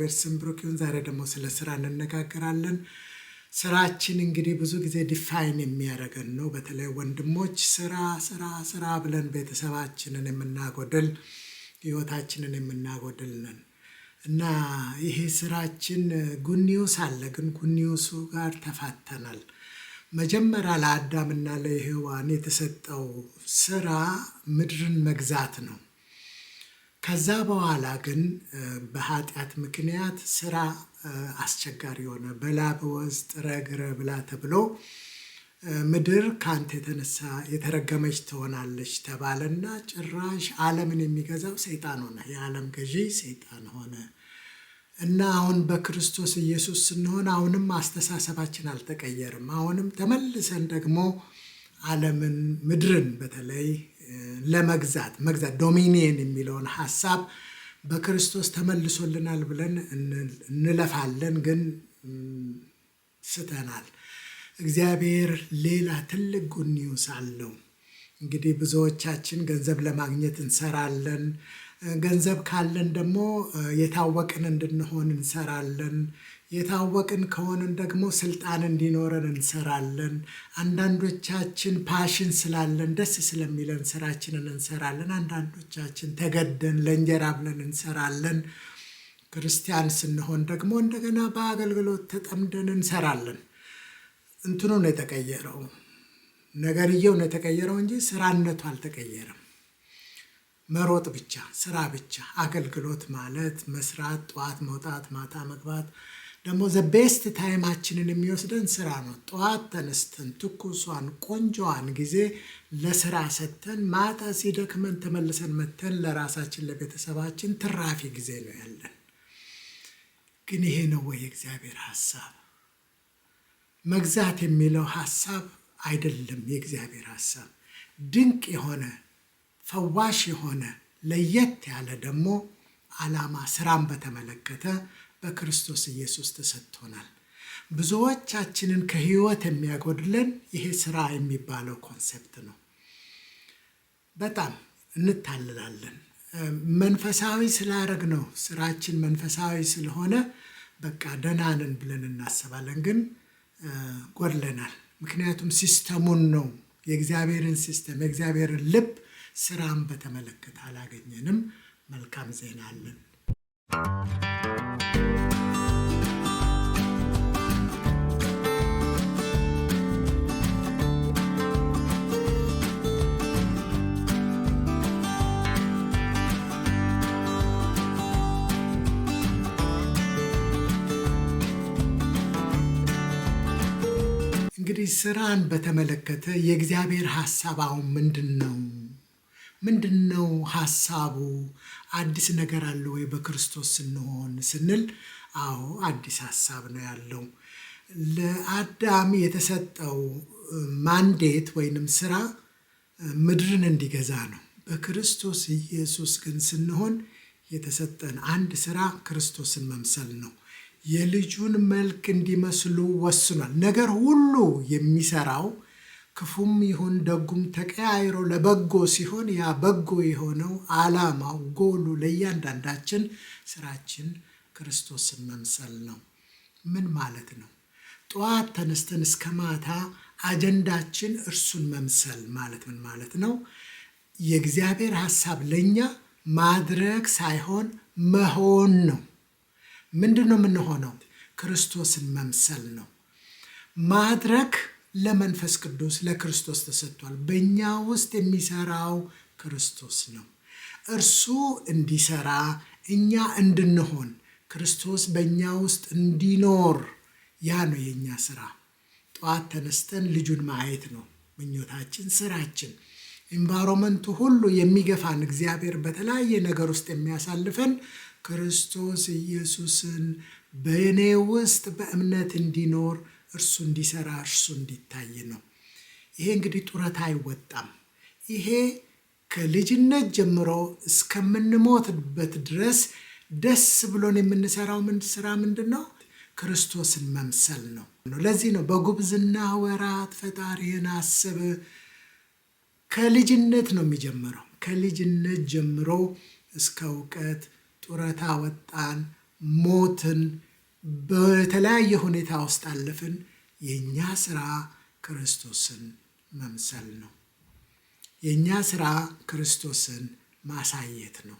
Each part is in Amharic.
እግዚአብሔር ስም ብሩክ ይሁን። ዛሬ ደግሞ ስለ ስራ እንነጋገራለን። ስራችን እንግዲህ ብዙ ጊዜ ዲፋይን የሚያደርገን ነው። በተለይ ወንድሞች ስራ ስራ ስራ ብለን ቤተሰባችንን የምናጎደል ህይወታችንን የምናጎደል ነን እና ይሄ ስራችን ጉኒውስ አለ፣ ግን ጉድ ጋር ተፋተናል። መጀመሪያ ለአዳምና ለሔዋን የተሰጠው ስራ ምድርን መግዛት ነው። ከዛ በኋላ ግን በኃጢአት ምክንያት ስራ አስቸጋሪ የሆነ በላብ ወስጥ ረግረ ብላ ተብሎ ምድር ከአንተ የተነሳ የተረገመች ትሆናለች ተባለና ጭራሽ ዓለምን የሚገዛው ሰይጣን ሆነ። የዓለም ገዢ ሰይጣን ሆነ እና አሁን በክርስቶስ ኢየሱስ ስንሆን አሁንም አስተሳሰባችን አልተቀየርም። አሁንም ተመልሰን ደግሞ ዓለምን ምድርን በተለይ ለመግዛት መግዛት ዶሚኒየን የሚለውን ሀሳብ በክርስቶስ ተመልሶልናል ብለን እንለፋለን፣ ግን ስተናል። እግዚአብሔር ሌላ ትልቅ ጉኒውስ አለው። እንግዲህ ብዙዎቻችን ገንዘብ ለማግኘት እንሰራለን ገንዘብ ካለን ደግሞ የታወቅን እንድንሆን እንሰራለን። የታወቅን ከሆንን ደግሞ ስልጣን እንዲኖረን እንሰራለን። አንዳንዶቻችን ፓሽን ስላለን ደስ ስለሚለን ስራችንን እንሰራለን። አንዳንዶቻችን ተገደን ለእንጀራ ብለን እንሰራለን። ክርስቲያን ስንሆን ደግሞ እንደገና በአገልግሎት ተጠምደን እንሰራለን። እንትኑ ነው የተቀየረው። ነገርየው ነው የተቀየረው እንጂ ስራነቱ አልተቀየረም። መሮጥ ብቻ ስራ ብቻ አገልግሎት ማለት መስራት፣ ጠዋት መውጣት፣ ማታ መግባት ደግሞ ዘቤስት ታይማችንን የሚወስደን ስራ ነው። ጠዋት ተነስተን ትኩሷን ቆንጆዋን ጊዜ ለስራ ሰጥተን ማታ ሲደክመን ተመልሰን መተን ለራሳችን ለቤተሰባችን ትራፊ ጊዜ ነው ያለን። ግን ይሄ ነው ወይ የእግዚአብሔር ሀሳብ? መግዛት የሚለው ሀሳብ አይደለም የእግዚአብሔር ሀሳብ ድንቅ የሆነ ፈዋሽ የሆነ ለየት ያለ ደግሞ ዓላማ ስራን በተመለከተ በክርስቶስ ኢየሱስ ተሰጥቶናል። ብዙዎቻችንን ከህይወት የሚያጎድለን ይሄ ስራ የሚባለው ኮንሴፕት ነው። በጣም እንታልላለን። መንፈሳዊ ስላረግ ነው ስራችን መንፈሳዊ ስለሆነ በቃ ደህና ነን ብለን እናስባለን፣ ግን ጎድለናል። ምክንያቱም ሲስተሙን ነው የእግዚአብሔርን ሲስተም የእግዚአብሔርን ልብ ስራን በተመለከተ አላገኘንም። መልካም ዜና አለን። እንግዲህ ስራን በተመለከተ የእግዚአብሔር ሀሳብ አሁን ምንድን ነው? ምንድን ነው ሀሳቡ? አዲስ ነገር አለ ወይ በክርስቶስ ስንሆን ስንል፣ አዎ አዲስ ሀሳብ ነው ያለው። ለአዳም የተሰጠው ማንዴት ወይንም ስራ ምድርን እንዲገዛ ነው። በክርስቶስ ኢየሱስ ግን ስንሆን የተሰጠን አንድ ስራ ክርስቶስን መምሰል ነው። የልጁን መልክ እንዲመስሉ ወስኗል። ነገር ሁሉ የሚሰራው ክፉም ይሁን ደጉም ተቀያይሮ ለበጎ ሲሆን ያ በጎ የሆነው ዓላማው ጎሉ ለእያንዳንዳችን ስራችን ክርስቶስን መምሰል ነው። ምን ማለት ነው? ጠዋት ተነስተን እስከ ማታ አጀንዳችን እርሱን መምሰል ማለት ምን ማለት ነው? የእግዚአብሔር ሐሳብ ለእኛ ማድረግ ሳይሆን መሆን ነው። ምንድን ነው የምንሆነው? ክርስቶስን መምሰል ነው። ማድረግ ለመንፈስ ቅዱስ ለክርስቶስ ተሰጥቷል። በእኛ ውስጥ የሚሰራው ክርስቶስ ነው። እርሱ እንዲሰራ እኛ እንድንሆን ክርስቶስ በእኛ ውስጥ እንዲኖር ያ ነው የእኛ ስራ። ጠዋት ተነስተን ልጁን ማየት ነው ምኞታችን፣ ስራችን። ኤንቫይሮመንቱ ሁሉ የሚገፋን እግዚአብሔር በተለያየ ነገር ውስጥ የሚያሳልፈን ክርስቶስ ኢየሱስን በእኔ ውስጥ በእምነት እንዲኖር እርሱ እንዲሰራ እርሱ እንዲታይ ነው። ይሄ እንግዲህ ጡረታ አይወጣም። ይሄ ከልጅነት ጀምሮ እስከምንሞትበት ድረስ ደስ ብሎን የምንሰራው ምን ስራ ምንድን ነው? ክርስቶስን መምሰል ነው። ለዚህ ነው በጉብዝና ወራት ፈጣሪህን አስብ። ከልጅነት ነው የሚጀምረው። ከልጅነት ጀምሮ እስከ እውቀት ጡረታ ወጣን ሞትን በተለያየ ሁኔታ ውስጥ አለፍን። የእኛ ስራ ክርስቶስን መምሰል ነው። የእኛ ስራ ክርስቶስን ማሳየት ነው።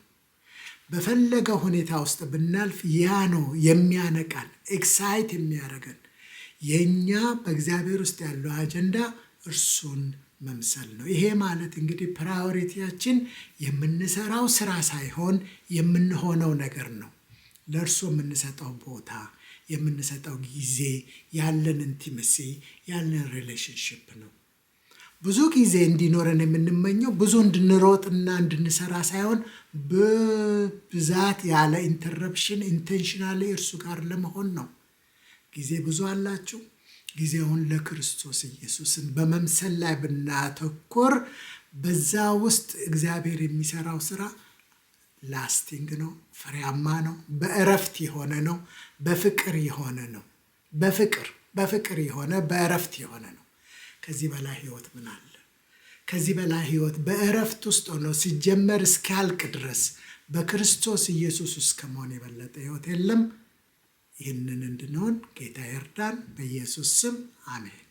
በፈለገ ሁኔታ ውስጥ ብናልፍ ያ ነው የሚያነቃን፣ ኤክሳይት የሚያደርገን። የእኛ በእግዚአብሔር ውስጥ ያለው አጀንዳ እርሱን መምሰል ነው። ይሄ ማለት እንግዲህ ፕራዮሪቲያችን የምንሰራው ስራ ሳይሆን የምንሆነው ነገር ነው። ለእርሱ የምንሰጠው ቦታ የምንሰጠው ጊዜ ያለን ኢንቲመሲ ያለን ሪሌሽንሽፕ ነው። ብዙ ጊዜ እንዲኖረን የምንመኘው ብዙ እንድንሮጥና እንድንሰራ ሳይሆን በብዛት ያለ ኢንተረፕሽን ኢንቴንሽናሊ እርሱ ጋር ለመሆን ነው። ጊዜ ብዙ አላችሁ። ጊዜውን ለክርስቶስ ኢየሱስን በመምሰል ላይ ብናተኮር በዛ ውስጥ እግዚአብሔር የሚሰራው ስራ ላስቲንግ ነው፣ ፍሬያማ ነው፣ በእረፍት የሆነ ነው፣ በፍቅር የሆነ ነው። በፍቅር በፍቅር የሆነ በእረፍት የሆነ ነው። ከዚህ በላይ ህይወት ምን አለ? ከዚህ በላይ ህይወት በእረፍት ውስጥ ሆኖ ሲጀመር እስኪያልቅ ድረስ በክርስቶስ ኢየሱስ ውስጥ ከመሆን የበለጠ ህይወት የለም። ይህንን እንድንሆን ጌታ ይርዳን። በኢየሱስ ስም አሜን።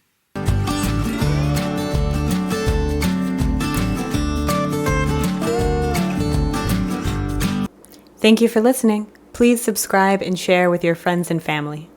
Thank you for listening. Please subscribe and share with your friends and family.